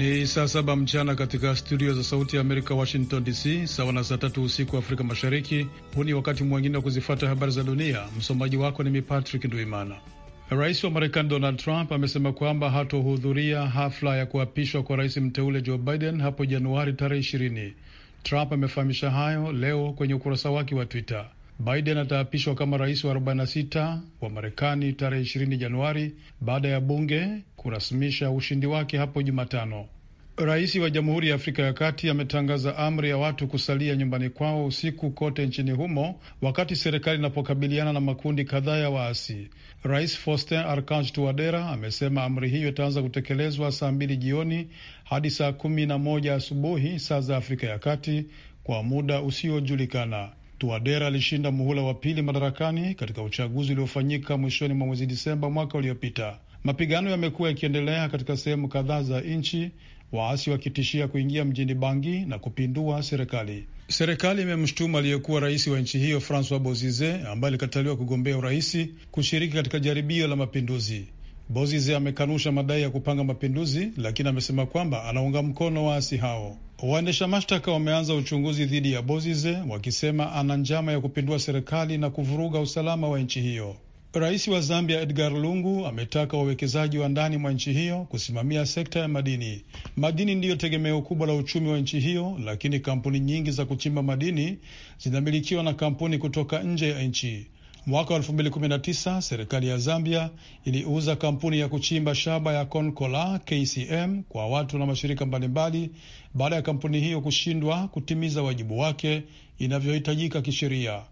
Ni saa saba mchana katika studio za Sauti ya Amerika, Washington DC, sawa na saa tatu usiku Afrika Mashariki. Huu ni wakati mwingine wa kuzifata habari za dunia. Msomaji wako ni mipatrick Patrick Nduimana. Rais wa Marekani Donald Trump amesema kwamba hatohudhuria hafla ya kuapishwa kwa rais mteule Joe Biden hapo Januari tarehe ishirini. Trump amefahamisha hayo leo kwenye ukurasa wake wa Twitter. Biden ataapishwa kama rais wa 46 wa Marekani tarehe 20 Januari baada ya bunge kurasimisha ushindi wake hapo Jumatano. Rais wa Jamhuri ya Afrika ya Kati ametangaza amri ya watu kusalia nyumbani kwao usiku kote nchini humo wakati serikali inapokabiliana na makundi kadhaa ya waasi. Rais Faustin Archange Touadera amesema amri hiyo itaanza kutekelezwa saa mbili jioni hadi saa kumi na moja asubuhi saa za Afrika ya Kati kwa muda usiojulikana. Touadera alishinda muhula wa pili madarakani katika uchaguzi uliofanyika mwishoni mwa mwezi Disemba mwaka uliopita. Mapigano yamekuwa yakiendelea katika sehemu kadhaa za nchi waasi wakitishia kuingia mjini Bangi na kupindua serikali. Serikali imemshtuma aliyekuwa rais wa nchi hiyo Francois Bozize ambaye alikataliwa kugombea uraisi kushiriki katika jaribio la mapinduzi. Bozize amekanusha madai ya kupanga mapinduzi, lakini amesema kwamba anaunga mkono waasi hao. Waendesha mashtaka wameanza uchunguzi dhidi ya Bozize wakisema ana njama ya kupindua serikali na kuvuruga usalama wa nchi hiyo. Rais wa Zambia Edgar Lungu ametaka wawekezaji wa ndani mwa nchi hiyo kusimamia sekta ya madini. Madini ndiyo tegemeo kubwa la uchumi wa nchi hiyo, lakini kampuni nyingi za kuchimba madini zinamilikiwa na kampuni kutoka nje ya nchi. Mwaka wa 2019 serikali ya Zambia iliuza kampuni ya kuchimba shaba ya Konkola KCM kwa watu na mashirika mbalimbali baada ya kampuni hiyo kushindwa kutimiza wajibu wake inavyohitajika kisheria.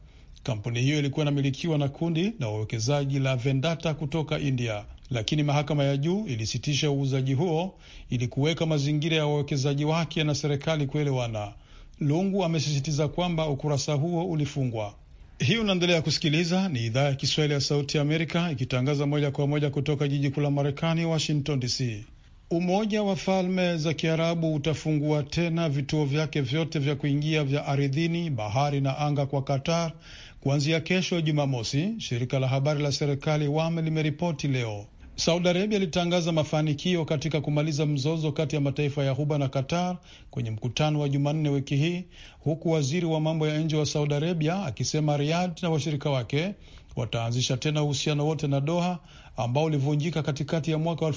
Kampuni hiyo ilikuwa inamilikiwa na kundi la wawekezaji la Vendata kutoka India, lakini mahakama ya juu ilisitisha uuzaji huo ili kuweka mazingira ya wawekezaji wake na serikali kuelewana. Lungu amesisitiza kwamba ukurasa huo ulifungwa. Hii unaendelea kusikiliza, ni idhaa ya Kiswahili ya Sauti ya Amerika ikitangaza moja kwa moja kutoka jiji kuu la Marekani, Washington DC. Umoja wa Falme za Kiarabu utafungua tena vituo vyake vyote vya kuingia vya ardhini, bahari na anga kwa Qatar kuanzia kesho Jumamosi, shirika la habari la serikali WAM limeripoti leo. Saudi Arabia ilitangaza mafanikio katika kumaliza mzozo kati ya mataifa ya Ghuba na Qatar kwenye mkutano wa Jumanne wiki hii, huku waziri wa mambo ya nje wa Saudi Arabia akisema Riyadh na washirika wake wataanzisha tena uhusiano wote na Doha ambao ulivunjika katikati ya mwaka wa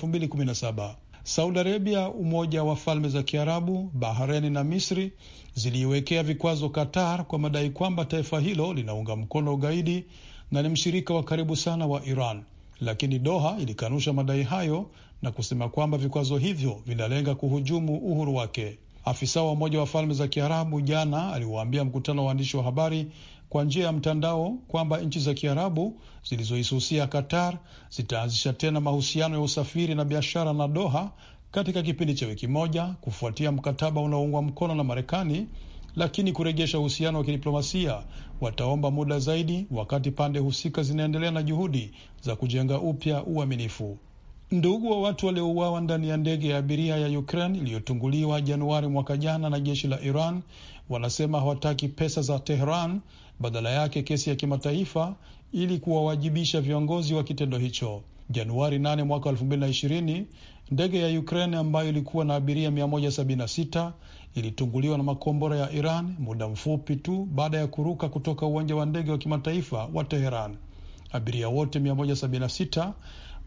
Saudi Arabia, Umoja wa Falme za Kiarabu, bahreni na Misri ziliiwekea vikwazo Qatar kwa madai kwamba taifa hilo linaunga mkono ugaidi na ni mshirika wa karibu sana wa Iran, lakini Doha ilikanusha madai hayo na kusema kwamba vikwazo hivyo vinalenga kuhujumu uhuru wake. Afisa wa Umoja wa Falme za Kiarabu jana aliwaambia mkutano wa waandishi wa habari kwa njia ya mtandao kwamba nchi za Kiarabu zilizoisusia Qatar zitaanzisha tena mahusiano ya usafiri na biashara na Doha katika kipindi cha wiki moja kufuatia mkataba unaoungwa mkono na Marekani, lakini kurejesha uhusiano wa kidiplomasia wataomba muda zaidi, wakati pande husika zinaendelea na juhudi za kujenga upya uaminifu. Ndugu wa watu waliouawa ndani ya ndege ya abiria ya Ukraine iliyotunguliwa Januari mwaka jana na jeshi la Iran wanasema hawataki pesa za Tehran badala yake kesi ya kimataifa ili kuwawajibisha viongozi wa kitendo hicho. Januari 8 mwaka 2020 ndege ya Ukraine ambayo ilikuwa na abiria 176 ilitunguliwa na makombora ya Iran muda mfupi tu baada ya kuruka kutoka uwanja wa ndege wa kimataifa wa Teheran. Abiria wote 176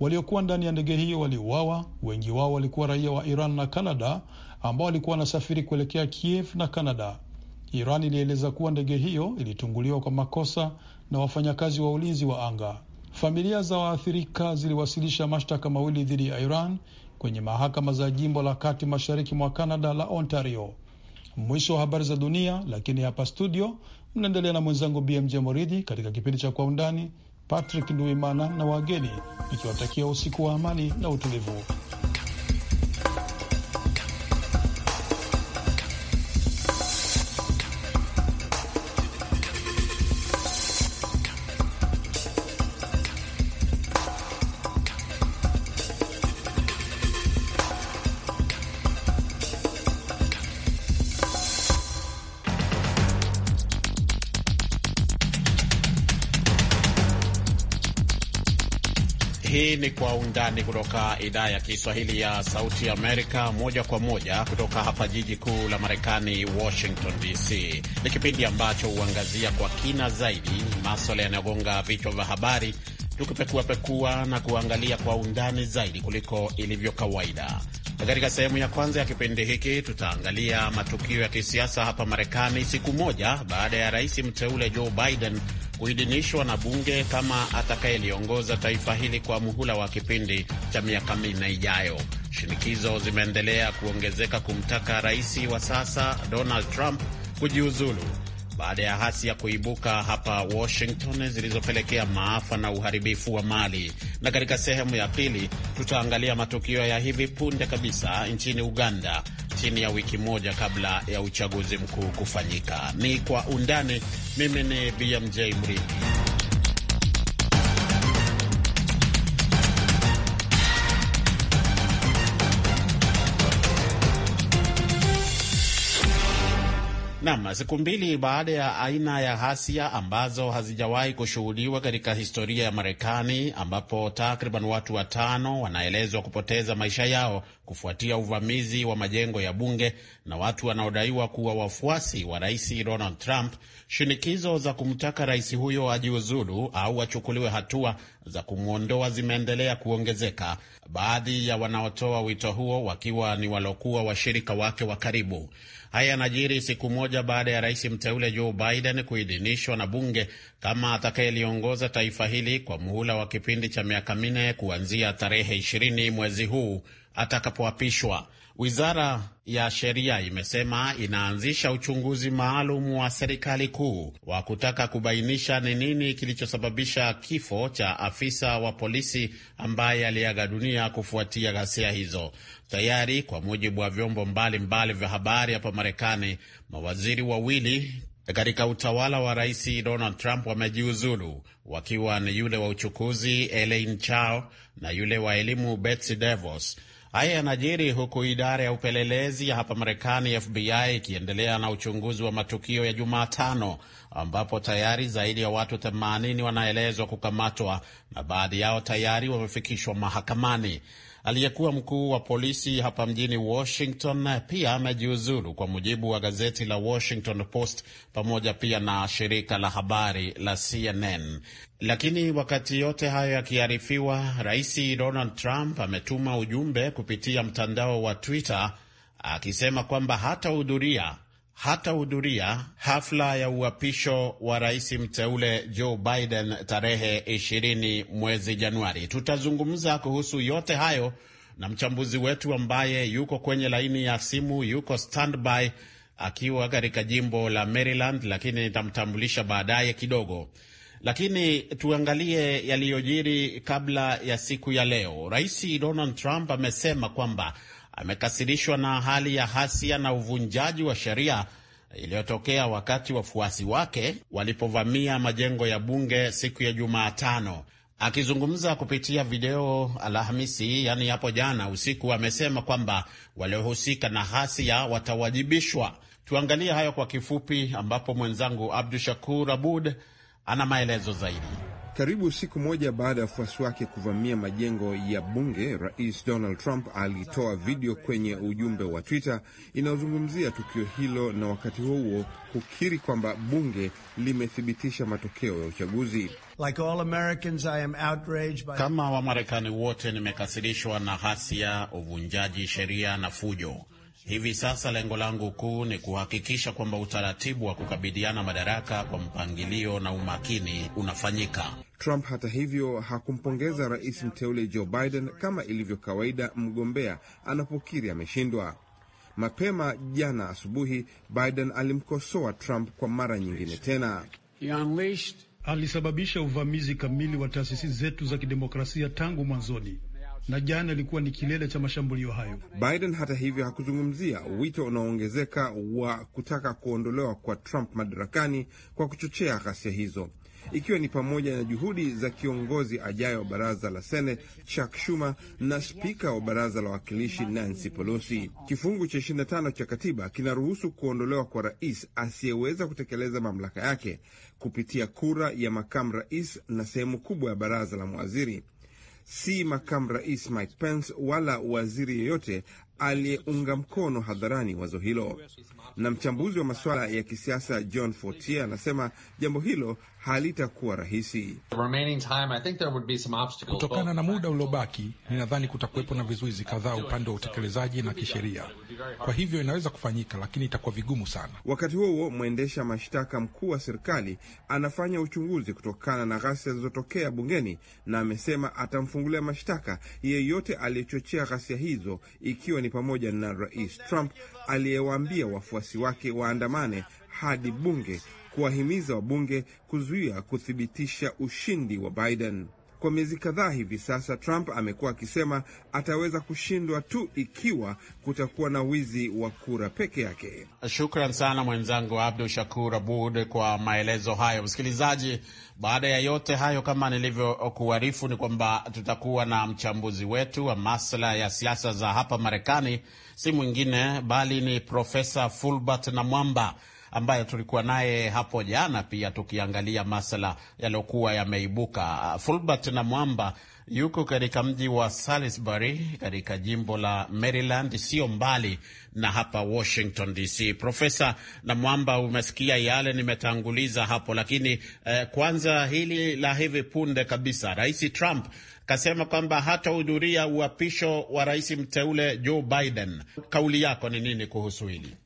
waliokuwa ndani ya ndege hiyo waliuawa. Wengi wao walikuwa raia wa Iran na canada ambao walikuwa wanasafiri kuelekea Kiev na canada Iran ilieleza kuwa ndege hiyo ilitunguliwa kwa makosa na wafanyakazi wa ulinzi wa anga. Familia za waathirika ziliwasilisha mashtaka mawili dhidi ya Iran kwenye mahakama za jimbo la kati mashariki mwa canada la Ontario. Mwisho wa habari za dunia, lakini hapa studio mnaendelea na mwenzangu BMJ Moridhi katika kipindi cha Kwa Undani. Patrick Nduimana na wageni nikiwatakia usiku wa amani na utulivu. kwa undani kutoka idhaa ya Kiswahili ya Sauti Amerika, moja kwa moja kutoka hapa jiji kuu la Marekani, Washington DC. Ni kipindi ambacho huangazia kwa kina zaidi maswala yanayogonga vichwa vya habari, tukipekuapekua na kuangalia kwa undani zaidi kuliko ilivyo kawaida. Katika sehemu ya kwanza ya kipindi hiki tutaangalia matukio ya kisiasa hapa Marekani, siku moja baada ya rais mteule Joe Biden kuidhinishwa na bunge kama atakayeliongoza taifa hili kwa muhula wa kipindi cha miaka minne ijayo. Shinikizo zimeendelea kuongezeka kumtaka rais wa sasa Donald Trump kujiuzulu baada ya hasia kuibuka hapa Washington zilizopelekea maafa na uharibifu wa mali. Na katika sehemu ya pili tutaangalia matukio ya hivi punde kabisa nchini Uganda chini ya wiki moja kabla ya uchaguzi mkuu kufanyika. Ni kwa undani. Mimi ni BMJ Mridhi. Nam, siku mbili baada ya aina ya ghasia ambazo hazijawahi kushuhudiwa katika historia ya Marekani, ambapo takriban watu watano wanaelezwa kupoteza maisha yao kufuatia uvamizi wa majengo ya bunge na watu wanaodaiwa kuwa wafuasi wa rais Donald Trump, shinikizo za kumtaka rais huyo ajiuzulu au achukuliwe hatua za kumwondoa zimeendelea kuongezeka, baadhi ya wanaotoa wito huo wakiwa ni walokuwa washirika wake wa karibu. Haya yanajiri siku moja baada ya rais mteule Joe Biden kuidhinishwa na bunge kama atakayeliongoza taifa hili kwa muhula wa kipindi cha miaka minne kuanzia tarehe ishirini mwezi huu atakapoapishwa. Wizara ya sheria imesema inaanzisha uchunguzi maalum wa serikali kuu wa kutaka kubainisha ni nini kilichosababisha kifo cha afisa wa polisi ambaye aliaga dunia kufuatia ghasia hizo. Tayari kwa mujibu wa vyombo mbalimbali vya habari hapa Marekani, mawaziri wawili katika utawala wa Rais Donald Trump wamejiuzulu wakiwa ni yule wa uchukuzi Elaine Chao na yule wa elimu Betsy DeVos Haya yanajiri huku idara ya upelelezi ya hapa Marekani, FBI, ikiendelea na uchunguzi wa matukio ya Jumatano ambapo tayari zaidi ya watu 80 wanaelezwa kukamatwa na baadhi yao tayari wamefikishwa mahakamani aliyekuwa mkuu wa polisi hapa mjini Washington eh, pia amejiuzulu, kwa mujibu wa gazeti la Washington Post pamoja pia na shirika la habari la CNN. Lakini wakati yote hayo yakiarifiwa, Rais Donald Trump ametuma ujumbe kupitia mtandao wa Twitter akisema kwamba hatahudhuria hatahudhuria hafla ya uapisho wa rais mteule Joe Biden tarehe 20 mwezi Januari. Tutazungumza kuhusu yote hayo na mchambuzi wetu ambaye yuko kwenye laini ya simu, yuko standby akiwa katika jimbo la Maryland, lakini nitamtambulisha baadaye kidogo. Lakini tuangalie yaliyojiri kabla ya siku ya leo. Rais Donald Trump amesema kwamba amekasirishwa na hali ya hasia na uvunjaji wa sheria iliyotokea wakati wafuasi wake walipovamia majengo ya bunge siku ya Jumatano. Akizungumza kupitia video Alhamisi, yaani hapo jana usiku, amesema kwamba waliohusika na hasia watawajibishwa. Tuangalie hayo kwa kifupi, ambapo mwenzangu Abdu Shakur Abud ana maelezo zaidi. Karibu siku moja baada ya wafuasi wake kuvamia majengo ya bunge, Rais Donald Trump alitoa video kwenye ujumbe wa Twitter inayozungumzia tukio hilo na wakati huo huo kukiri kwamba bunge limethibitisha matokeo ya uchaguzi. Like all Americans, I am outraged by... Kama Wamarekani wote nimekasirishwa na ghasia, uvunjaji sheria na fujo Hivi sasa lengo langu kuu ni kuhakikisha kwamba utaratibu wa kukabidhiana madaraka kwa mpangilio na umakini unafanyika. Trump hata hivyo hakumpongeza rais mteule Joe Biden kama ilivyo kawaida mgombea anapokiri ameshindwa. Mapema jana asubuhi, Biden alimkosoa Trump kwa mara nyingine tena. Alisababisha uvamizi kamili wa taasisi zetu za kidemokrasia tangu mwanzoni na jana ilikuwa ni kilele cha mashambulio hayo. Biden hata hivyo hakuzungumzia wito unaoongezeka wa kutaka kuondolewa kwa Trump madarakani kwa kuchochea ghasia hizo, ikiwa ni pamoja na juhudi za kiongozi ajayo wa baraza la Senate Chuck Schumer na spika wa baraza la wawakilishi Nancy Pelosi. Kifungu cha 25 cha katiba kinaruhusu kuondolewa kwa rais asiyeweza kutekeleza mamlaka yake kupitia kura ya makamu rais na sehemu kubwa ya baraza la mawaziri si makamu rais Mike Pence wala waziri yeyote aliyeunga mkono hadharani wazo hilo. Na mchambuzi wa masuala ya kisiasa John Fortier anasema jambo hilo halitakuwa rahisi. Kutokana na muda uliobaki, ninadhani kutakuwepo na vizuizi kadhaa upande wa utekelezaji na kisheria. Kwa hivyo inaweza kufanyika, lakini itakuwa vigumu sana. Wakati huo huo, mwendesha mashtaka mkuu wa serikali anafanya uchunguzi kutokana na ghasia zilizotokea bungeni, na amesema atamfungulia mashtaka yeyote aliyechochea ghasia hizo, ikiwa ni pamoja na Rais Trump aliyewaambia wafuasi wake waandamane hadi bunge, kuwahimiza wabunge kuzuia kuthibitisha ushindi wa Biden. Kwa miezi kadhaa hivi sasa, Trump amekuwa akisema ataweza kushindwa tu ikiwa kutakuwa na wizi wa kura peke yake. Shukran sana mwenzangu Abdu Shakur Abud kwa maelezo hayo. Msikilizaji, baada ya yote hayo, kama nilivyokuarifu, ni kwamba tutakuwa na mchambuzi wetu wa masuala ya siasa za hapa Marekani, si mwingine bali ni Profesa Fulbert Namwamba ambaye tulikuwa naye hapo jana, pia tukiangalia masala yaliyokuwa yameibuka. Fulbert na Mwamba yuko katika mji wa Salisbury katika jimbo la Maryland, sio mbali na hapa Washington DC. Profesa Namwamba, umesikia yale nimetanguliza hapo, lakini eh, kwanza hili la hivi punde kabisa, Rais Trump kasema kwamba hatahudhuria uapisho wa rais mteule Joe Biden. Kauli yako ni nini kuhusu hili?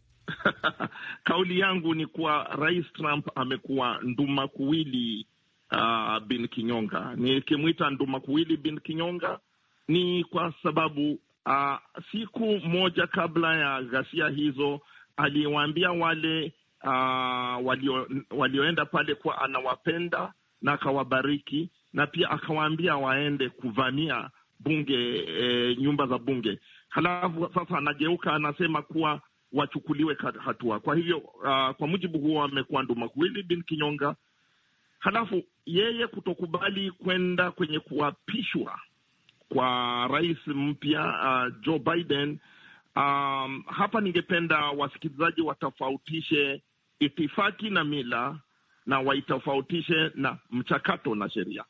kauli yangu ni kuwa Rais Trump amekuwa nduma kuwili uh, bin kinyonga. Nikimwita nduma kuwili bin kinyonga ni kwa sababu uh, siku moja kabla ya ghasia hizo aliwaambia wale uh, walio, walioenda pale kuwa anawapenda na akawabariki na pia akawaambia waende kuvamia bunge e, nyumba za bunge. Halafu sasa anageuka anasema kuwa wachukuliwe hatua. Kwa hivyo uh, kwa mujibu huo amekuwa Ndumakuili bin Kinyonga. Halafu yeye kutokubali kwenda kwenye kuapishwa kwa rais mpya uh, Joe Biden. Um, hapa ningependa wasikilizaji watofautishe itifaki na mila na waitofautishe na mchakato na sheria.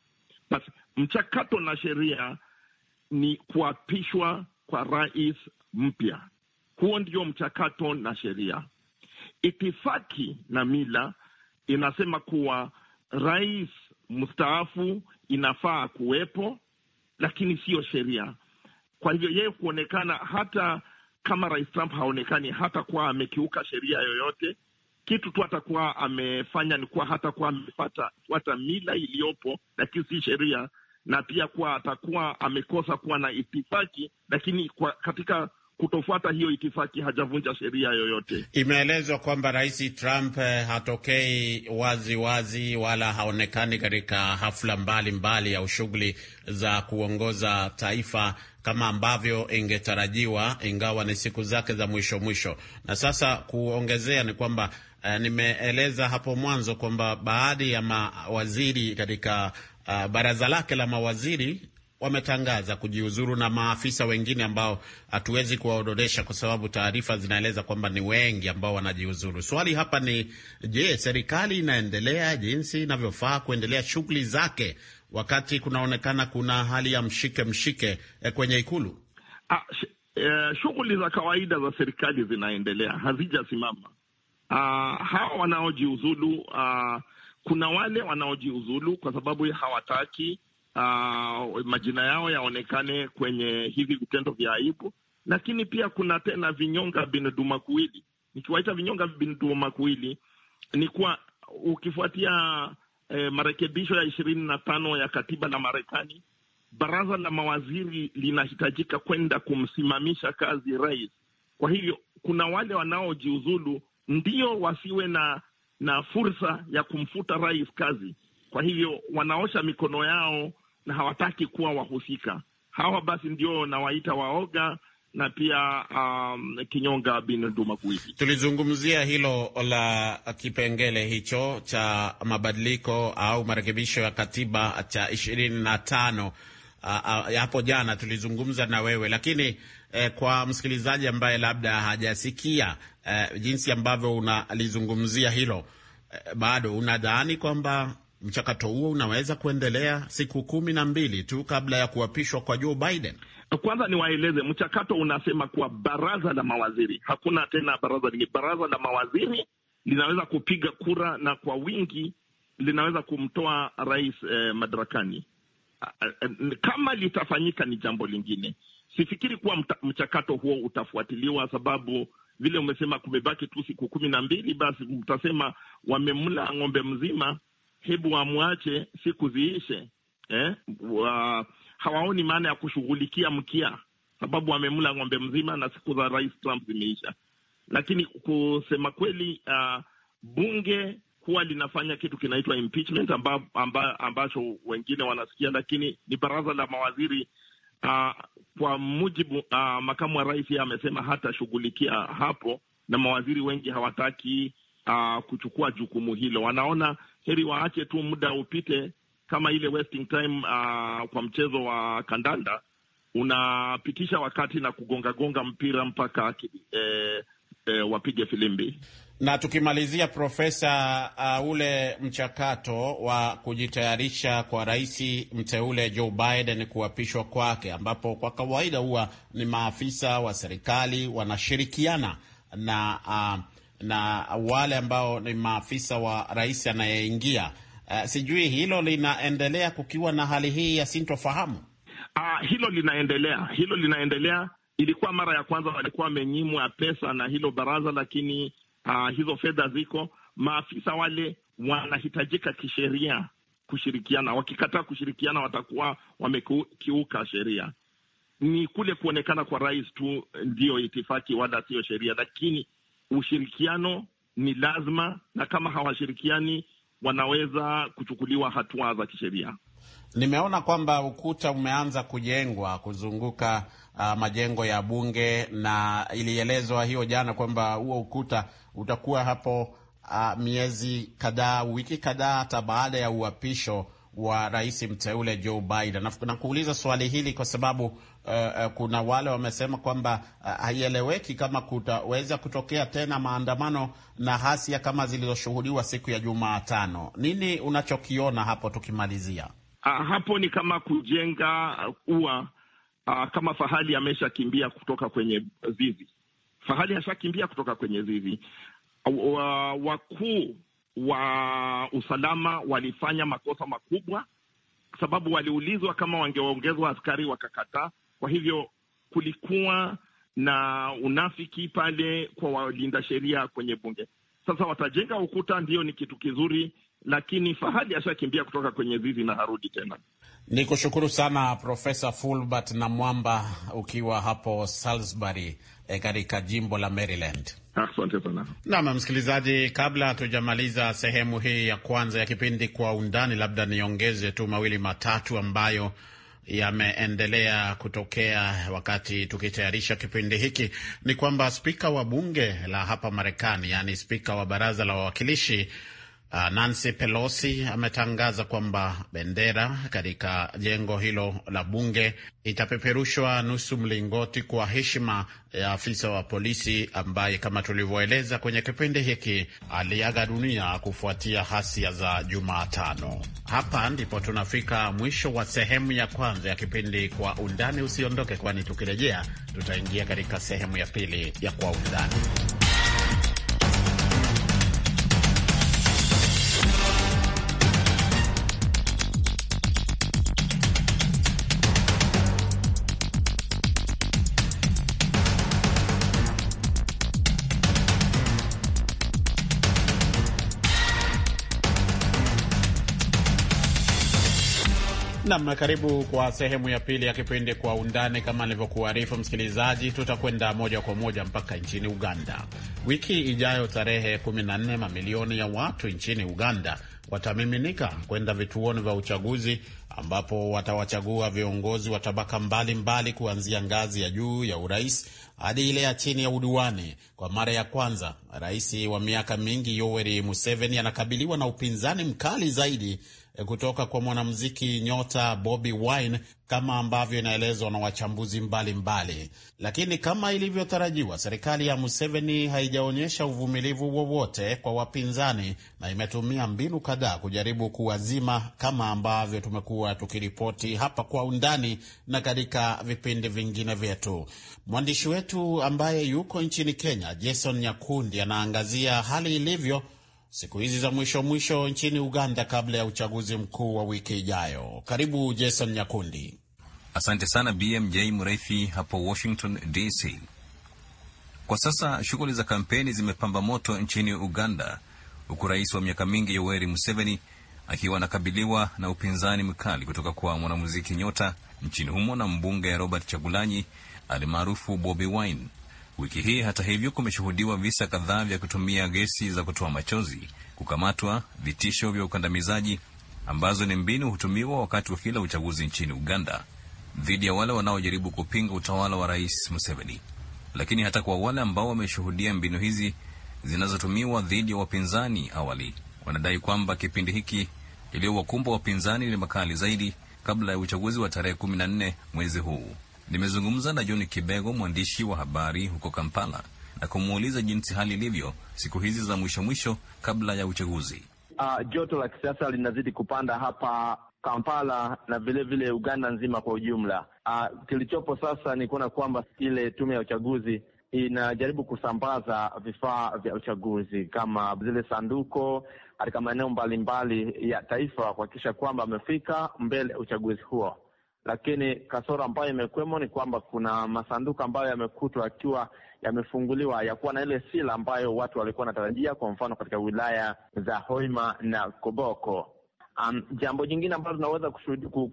Basi mchakato na sheria ni kuapishwa kwa rais mpya huo ndio mchakato na sheria. Itifaki na mila inasema kuwa rais mstaafu inafaa kuwepo, lakini siyo sheria. Kwa hivyo yeye kuonekana, hata kama rais Trump haonekani, hatakuwa amekiuka sheria yoyote. Kitu tu atakuwa amefanya ni kuwa hatakuwa amefuata mila iliyopo, lakini si sheria, na pia kuwa atakuwa amekosa kuwa na itifaki, lakini kwa katika kutofuata hiyo itifaki hajavunja sheria yoyote. Imeelezwa kwamba Rais Trump eh, hatokei wazi wazi wala haonekani katika hafla mbalimbali mbali au shughuli za kuongoza taifa kama ambavyo ingetarajiwa, ingawa ni siku zake za mwisho mwisho. Na sasa kuongezea ni kwamba eh, nimeeleza hapo mwanzo kwamba baadhi ya mawaziri katika Uh, baraza lake la mawaziri wametangaza kujiuzuru na maafisa wengine ambao hatuwezi kuwaorodesha kwa sababu taarifa zinaeleza kwamba ni wengi ambao wanajiuzuru. Swali hapa ni je, serikali inaendelea jinsi inavyofaa kuendelea shughuli zake wakati kunaonekana kuna hali ya mshike mshike eh, kwenye Ikulu? Ah, sh eh, shughuli za kawaida za serikali zinaendelea, hazijasimama. Ah, hawa wanaojiuzulu, ah, kuna wale wanaojiuzulu kwa sababu hawataki uh, majina yao yaonekane kwenye hivi vitendo vya aibu. Lakini pia kuna tena vinyonga bin Nikiwaita vinyonga bin ni kuwa ukifuatia eh, marekebisho ya ishirini na tano ya katiba la Marekani, baraza la mawaziri linahitajika kwenda kumsimamisha kazi rais. Kwa hivyo kuna wale wanaojiuzulu ndio wasiwe na na fursa ya kumfuta rais kazi. Kwa hivyo wanaosha mikono yao na hawataki kuwa wahusika. Hawa basi ndio nawaita waoga na pia um, kinyonga bin dumakuwili. Tulizungumzia hilo la kipengele hicho cha mabadiliko au marekebisho ya katiba cha ishirini na tano hapo jana tulizungumza na wewe, lakini eh, kwa msikilizaji ambaye labda hajasikia eh, jinsi ambavyo unalizungumzia hilo eh, bado unadhani kwamba mchakato huo unaweza kuendelea siku kumi na mbili tu kabla ya kuapishwa kwa Joe Biden? Kwanza niwaeleze mchakato unasema kuwa baraza la mawaziri, hakuna tena baraza lingi, baraza la mawaziri linaweza kupiga kura na kwa wingi linaweza kumtoa rais eh, madarakani. Kama litafanyika ni jambo lingine. Sifikiri kuwa mchakato huo utafuatiliwa, sababu vile umesema kumebaki tu siku kumi na mbili, basi mtasema wamemla ng'ombe mzima hebu wamwache siku ziishe eh? Wa, hawaoni maana ya kushughulikia mkia, sababu wamemla ng'ombe mzima na siku za Rais Trump zimeisha. Lakini kusema kweli, uh, bunge huwa linafanya kitu kinaitwa impeachment amba, amba, ambacho wengine wanasikia, lakini ni baraza la mawaziri uh, kwa mujibu uh, makamu wa rais yeye amesema hatashughulikia hapo, na mawaziri wengi hawataki uh, kuchukua jukumu hilo, wanaona heri waache tu muda upite, kama ile wasting time uh, kwa mchezo wa kandanda unapitisha wakati na kugongagonga mpira mpaka eh, eh, wapige filimbi. Na tukimalizia profesa, uh, ule mchakato wa kujitayarisha kwa rais mteule Joe Biden kuapishwa kwake, ambapo kwa kawaida huwa ni maafisa wa serikali wanashirikiana na uh, na wale ambao ni maafisa wa rais anayeingia. Uh, sijui hilo linaendelea kukiwa na hali hii ya sintofahamu. Uh, hilo linaendelea, hilo linaendelea. Ilikuwa mara ya kwanza walikuwa wamenyimwa pesa na hilo baraza, lakini uh, hizo fedha ziko. Maafisa wale wanahitajika kisheria kushirikiana, wakikataa kushirikiana watakuwa wamekiuka sheria. Ni kule kuonekana kwa rais tu ndiyo itifaki, wala siyo sheria, lakini ushirikiano ni lazima, na kama hawashirikiani wanaweza kuchukuliwa hatua za kisheria. Nimeona kwamba ukuta umeanza kujengwa kuzunguka uh, majengo ya bunge na ilielezwa hiyo jana kwamba huo ukuta utakuwa hapo uh, miezi kadhaa, wiki kadhaa hata baada ya uapisho wa rais mteule Joe Biden. Nakuuliza swali hili kwa sababu uh, uh, kuna wale wamesema kwamba uh, haieleweki kama kutaweza kutokea tena maandamano na hasia kama zilizoshuhudiwa siku ya Jumatano. Nini unachokiona hapo tukimalizia? Uh, hapo ni kama kujenga ua uh, kama fahali ameshakimbia kutoka kwenye zizi. Fahali ashakimbia kutoka kwenye zizi. Wakuu wa usalama walifanya makosa makubwa, sababu waliulizwa kama wangeongezwa askari wakakataa. Kwa hivyo kulikuwa na unafiki pale kwa walinda sheria kwenye bunge. Sasa watajenga ukuta, ndiyo ni kitu kizuri, lakini fahali ashakimbia kutoka kwenye zizi na harudi tena. Ni kushukuru sana Profesa Fulbert na Mwamba ukiwa hapo Salisbury e, katika jimbo la Maryland. Naam, msikilizaji, kabla hatujamaliza sehemu hii ya kwanza ya kipindi kwa undani, labda niongeze tu mawili matatu ambayo yameendelea kutokea wakati tukitayarisha kipindi hiki. Ni kwamba spika wa bunge la hapa Marekani, yaani spika wa baraza la wawakilishi Ah, Nancy Pelosi ametangaza kwamba bendera katika jengo hilo la bunge itapeperushwa nusu mlingoti kwa heshima ya afisa wa polisi ambaye kama tulivyoeleza kwenye kipindi hiki aliaga dunia kufuatia hasia za Jumatano. Hapa ndipo tunafika mwisho wa sehemu ya kwanza ya kipindi Kwa Undani. Usiondoke, kwani tukirejea tutaingia katika sehemu ya pili ya Kwa Undani. Nam, karibu kwa sehemu ya pili ya kipindi Kwa Undani. Kama nilivyokuarifu msikilizaji, tutakwenda moja kwa moja mpaka nchini Uganda. Wiki ijayo tarehe 14, mamilioni ya watu nchini Uganda watamiminika kwenda vituoni vya uchaguzi ambapo watawachagua viongozi wa tabaka mbalimbali kuanzia ngazi ya juu ya urais hadi ile ya chini ya udiwani. Kwa mara ya kwanza, rais wa miaka mingi Yoweri Museveni anakabiliwa na upinzani mkali zaidi Eh, kutoka kwa mwanamuziki nyota Bobi Wine kama ambavyo inaelezwa na wachambuzi mbalimbali mbali. Lakini kama ilivyotarajiwa, serikali ya Museveni haijaonyesha uvumilivu wowote kwa wapinzani na imetumia mbinu kadhaa kujaribu kuwazima, kama ambavyo tumekuwa tukiripoti hapa kwa undani na katika vipindi vingine vyetu. Mwandishi wetu ambaye yuko nchini Kenya, Jason Nyakundi, anaangazia hali ilivyo siku hizi za mwisho mwisho nchini Uganda kabla ya uchaguzi mkuu wa wiki ijayo. Karibu Jason Nyakundi. Asante sana BMJ Mrethi hapo Washington DC. Kwa sasa shughuli za kampeni zimepamba moto nchini Uganda, huku rais wa miaka mingi Yoweri Museveni akiwa anakabiliwa na upinzani mkali kutoka kwa mwanamuziki nyota nchini humo na mbunge Robert Chagulanyi alimaarufu Bobi Wine. Wiki hii hata hivyo, kumeshuhudiwa visa kadhaa vya kutumia gesi za kutoa machozi, kukamatwa, vitisho vya ukandamizaji ambazo ni mbinu hutumiwa wakati wa kila uchaguzi nchini Uganda dhidi ya wale wanaojaribu kupinga utawala wa Rais Museveni. Lakini hata kwa wale ambao wameshuhudia mbinu hizi zinazotumiwa dhidi ya wapinzani awali, wanadai kwamba kipindi hiki iliyowakumba wapinzani ni makali zaidi kabla ya uchaguzi wa tarehe kumi na nne mwezi huu. Nimezungumza na John Kibego, mwandishi wa habari huko Kampala, na kumuuliza jinsi hali ilivyo siku hizi za mwisho mwisho kabla ya uchaguzi. Uh, joto la kisiasa linazidi kupanda hapa Kampala na vilevile vile Uganda nzima kwa ujumla. Uh, kilichopo sasa ni kuona kwamba ile tume ya uchaguzi inajaribu kusambaza vifaa vya uchaguzi kama zile sanduko katika maeneo mbalimbali ya taifa kuhakikisha kwamba amefika mbele ya uchaguzi huo lakini kasoro ambayo imekwemo ni kwamba kuna masanduku ambayo yamekutwa akiwa yamefunguliwa yakuwa na ile sila ambayo watu walikuwa wanatarajia, kwa mfano katika wilaya za Hoima na Koboko. Um, jambo jingine ambalo tunaweza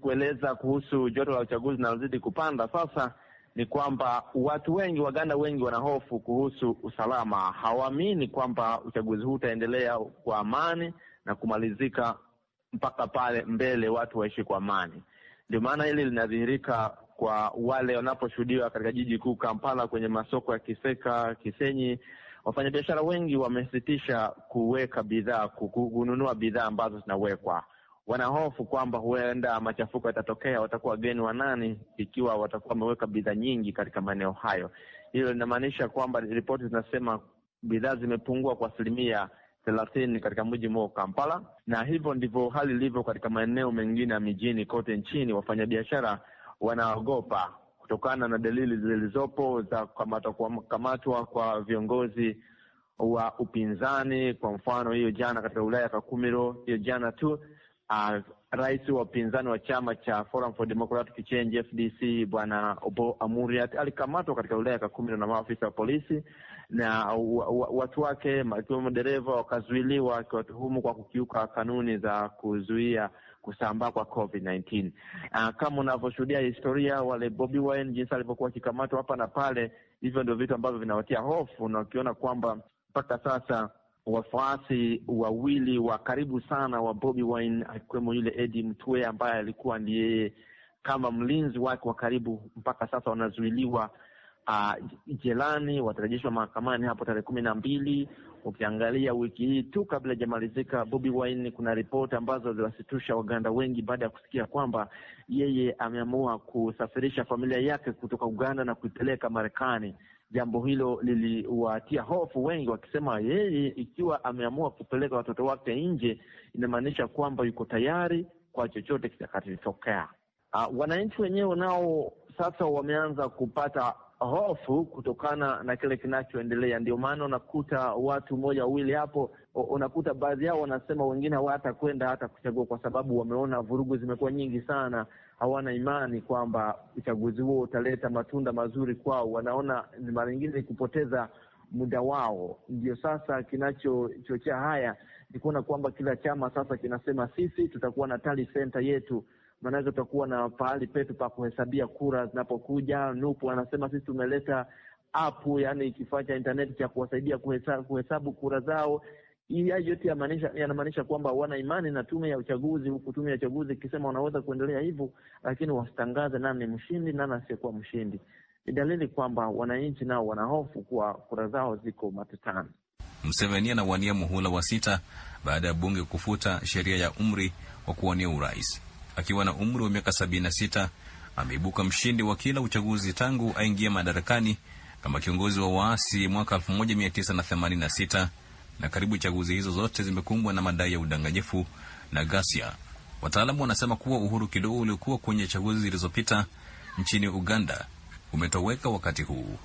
kueleza kuhusu joto la uchaguzi linalozidi kupanda sasa ni kwamba watu wengi, Waganda wengi wanahofu kuhusu usalama. Hawaamini kwamba uchaguzi huu utaendelea kwa amani na kumalizika mpaka pale mbele watu waishi kwa amani. Ndio maana hili linadhihirika kwa wale wanaposhuhudiwa katika jiji kuu Kampala, kwenye masoko ya Kiseka, Kisenyi, wafanyabiashara wengi wamesitisha kuweka bidhaa, kununua bidhaa ambazo zinawekwa. Wanahofu kwamba huenda machafuko yatatokea, watakuwa wageni wa nani ikiwa watakuwa wameweka bidhaa nyingi katika maeneo hayo. Hilo linamaanisha kwamba ripoti zinasema bidhaa zimepungua kwa asilimia thelathini katika mji mkuu Kampala, na hivyo ndivyo hali ilivyo katika maeneo mengine ya mijini kote nchini. Wafanyabiashara wanaogopa kutokana na dalili zilizopo za kukamatwa kwa viongozi wa upinzani. Kwa mfano, hiyo jana katika wilaya ya Kakumiro, hiyo jana tu uh, rais wa upinzani wa chama cha Forum for Democratic Change FDC, bwana Obo Amuriat alikamatwa katika wilaya ya Kakumiro na maafisa wa polisi na watu wake akiwemo dereva wakazuiliwa, akiwatuhumu kwa kukiuka kanuni za kuzuia kusambaa kwa COVID-19. Uh, ah, kama unavyoshuhudia historia wale Bobi Wine jinsi alivyokuwa akikamatwa hapa na pale, hivyo ndio vitu ambavyo vinawatia hofu, na ukiona kwamba mpaka sasa wafuasi wawili wa karibu sana wa Bobi Wine akiwemo yule Eddie Mtwe ambaye alikuwa ndiye kama mlinzi wake wa karibu, mpaka sasa wanazuiliwa Ah, jelani, watarejeshwa mahakamani hapo tarehe kumi na mbili. Ukiangalia wiki hii tu kabla ijamalizika, Bobi Wine, kuna ripoti ambazo ziliwasitusha Waganda wengi baada ya kusikia kwamba yeye ameamua kusafirisha familia yake kutoka Uganda na kuipeleka Marekani. Jambo hilo liliwatia hofu wengi, wakisema yeye ikiwa ameamua kupeleka watoto wake nje, inamaanisha kwamba yuko tayari kwa chochote kitakachotokea. Uh, wananchi wenyewe nao sasa wameanza kupata hofu kutokana na kile kinachoendelea. Ndio maana unakuta watu mmoja wawili hapo, unakuta baadhi yao wanasema wengine kwenda hata kuchagua, kwa sababu wameona vurugu zimekuwa nyingi sana. Hawana imani kwamba uchaguzi huo utaleta matunda mazuri kwao, wanaona mara nyingine ni kupoteza muda wao. Ndio sasa kinachochochea haya ni kuona kwamba kila chama sasa kinasema sisi tutakuwa na tali senta yetu manaweza utakuwa na pahali petu pa kuhesabia kura zinapokuja. Nupu anasema sisi tumeleta apu, yani kifaa cha intaneti cha kuwasaidia kuhesabu, kuhesabu kura zao. Haya yote yanamaanisha ya kwamba wana imani na tume ya uchaguzi, huku tume ya uchaguzi ikisema wanaweza kuendelea hivyo, lakini wasitangaze nani mshindi, nani asiyekuwa mshindi. Ni dalili kwamba wananchi nao wanahofu kuwa kura zao ziko matatani. Mseveni anawania muhula wa sita baada ya bunge kufuta sheria ya umri wa kuwania urais akiwa na umri wa miaka 76 ameibuka mshindi wa kila uchaguzi tangu aingia madarakani kama kiongozi wa waasi mwaka 1986 na karibu chaguzi hizo zote zimekumbwa na madai ya udanganyifu na ghasia. Wataalamu wanasema kuwa uhuru kidogo uliokuwa kwenye chaguzi zilizopita nchini Uganda umetoweka wakati huu.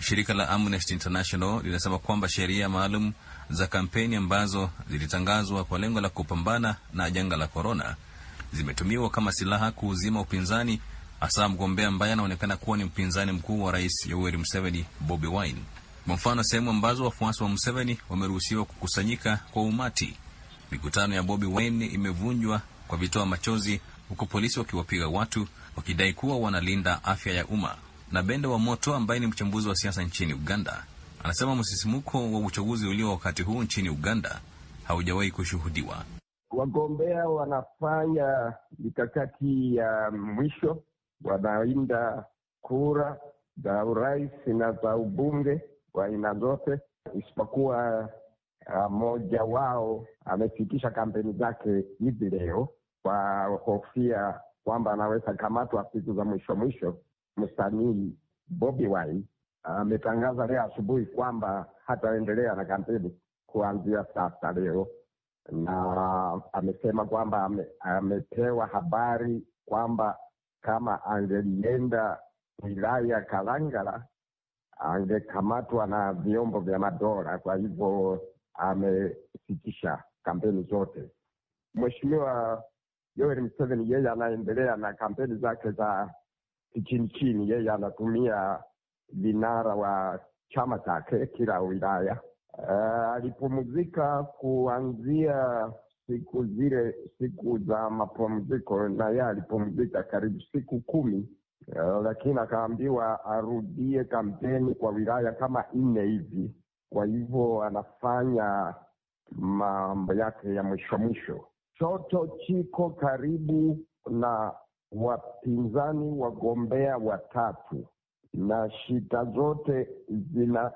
Shirika la Amnesty International linasema kwamba sheria maalum za kampeni ambazo zilitangazwa kwa lengo la kupambana na janga la korona zimetumiwa kama silaha kuuzima upinzani, hasa mgombea ambaye anaonekana kuwa ni mpinzani mkuu wa rais Yoweri Museveni, Bobi Wine. Kwa mfano, sehemu ambazo wafuasi wa Museveni wameruhusiwa kukusanyika kwa umati, mikutano ya Bobi Wine imevunjwa kwa vitoa machozi, huku polisi wakiwapiga watu wakidai kuwa wanalinda afya ya umma. Na Bende wa Moto ambaye ni mchambuzi wa siasa nchini Uganda anasema msisimuko wa uchaguzi ulio wakati huu nchini Uganda haujawahi kushuhudiwa wagombea wanafanya mikakati ya mwisho, wanainda kura za urais na za ubunge wa aina zote, isipokuwa ah, mmoja wao amefikisha kampeni zake hivi leo kwa hofia kwamba anaweza kamatwa siku za mwisho mwisho. Msanii Bobi Wine ametangaza leo asubuhi kwamba hataendelea na kampeni kuanzia sasa leo na amesema kwamba ame, amepewa habari kwamba kama angelienda wilaya ya Kalangala angekamatwa na vyombo vya madola. Kwa hivyo amesitisha kampeni zote. Mheshimiwa Yoweri Museveni yeye anaendelea na kampeni zake za chini chini, yeye anatumia vinara wa chama chake kila wilaya Uh, alipumzika kuanzia siku zile siku za mapumziko, na yeye alipumzika karibu siku kumi uh, lakini akaambiwa arudie kampeni kwa wilaya kama nne hivi. Kwa hivyo anafanya mambo yake ya mwisho mwisho. Choto chiko karibu na wapinzani wagombea watatu, na shida zote zina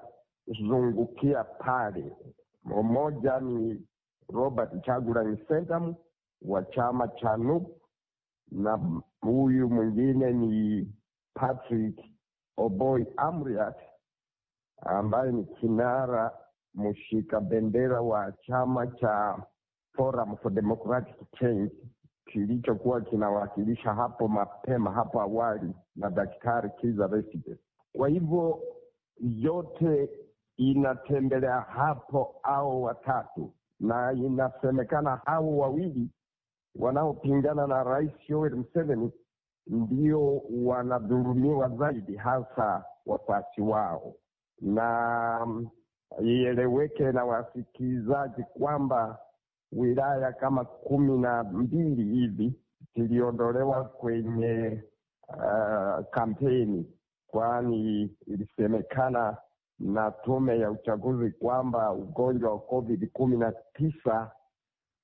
zungukia pale. Mmoja ni Robert Kyagulanyi Ssentamu wa chama cha NUP na huyu mwingine ni Patrick Oboi Amriat ambaye ni kinara mshika bendera wa chama cha Forum for Democratic Change kilichokuwa kinawakilisha hapo mapema hapo awali na Daktari Kizza Besigye. Kwa hivyo yote inatembelea hapo au watatu, na inasemekana hao wawili wanaopingana na Rais Yoweri Museveni ndio wanadhulumiwa zaidi, hasa wafuasi wao. Na mm, ieleweke na wasikilizaji kwamba wilaya kama kumi na mbili hivi ziliondolewa kwenye uh, kampeni, kwani ilisemekana na tume ya uchaguzi kwamba ugonjwa wa COVID kumi na tisa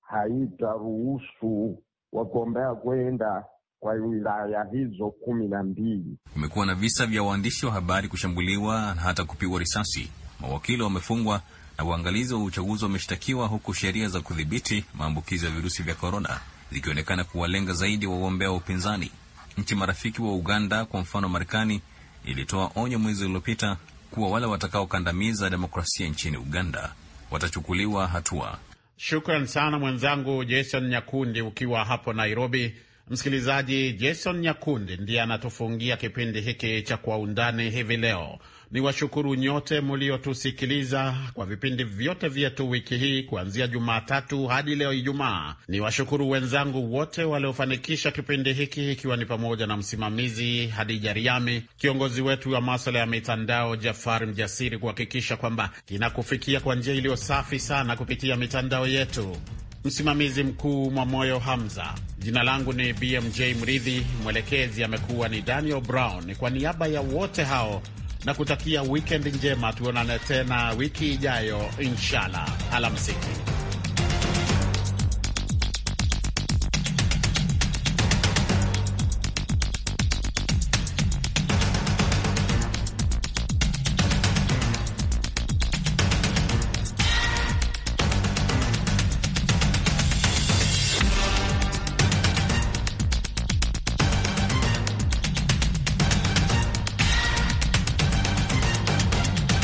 haitaruhusu wagombea kwenda kwa wilaya hizo kumi na mbili. Kumekuwa na visa vya waandishi wa habari kushambuliwa na hata kupigwa risasi, mawakili wamefungwa na waangalizi wa uchaguzi wameshtakiwa, huku sheria za kudhibiti maambukizi ya virusi vya korona zikionekana kuwalenga zaidi wagombea wa upinzani. Nchi marafiki wa Uganda, kwa mfano Marekani, ilitoa onyo mwezi uliopita kuwa wale watakaokandamiza demokrasia nchini Uganda watachukuliwa hatua. Shukran sana mwenzangu Jason Nyakundi, ukiwa hapo Nairobi. Msikilizaji, Jason Nyakundi ndiye anatufungia kipindi hiki cha Kwa Undani hivi leo ni washukuru nyote mliotusikiliza kwa vipindi vyote vyetu wiki hii kuanzia Jumatatu hadi leo Ijumaa. Ni washukuru wenzangu wote waliofanikisha kipindi hiki, ikiwa ni pamoja na msimamizi Hadija Riami, kiongozi wetu wa maswala ya mitandao Jafar Mjasiri, kuhakikisha kwamba kinakufikia kwa njia iliyo safi sana kupitia mitandao yetu, msimamizi mkuu Mwamoyo Hamza. Jina langu ni BMJ Mridhi, mwelekezi amekuwa ni Daniel Brown. Kwa niaba ya wote hao na kutakia wikend njema. Tuonane tena wiki ijayo inshallah. Alamsiki.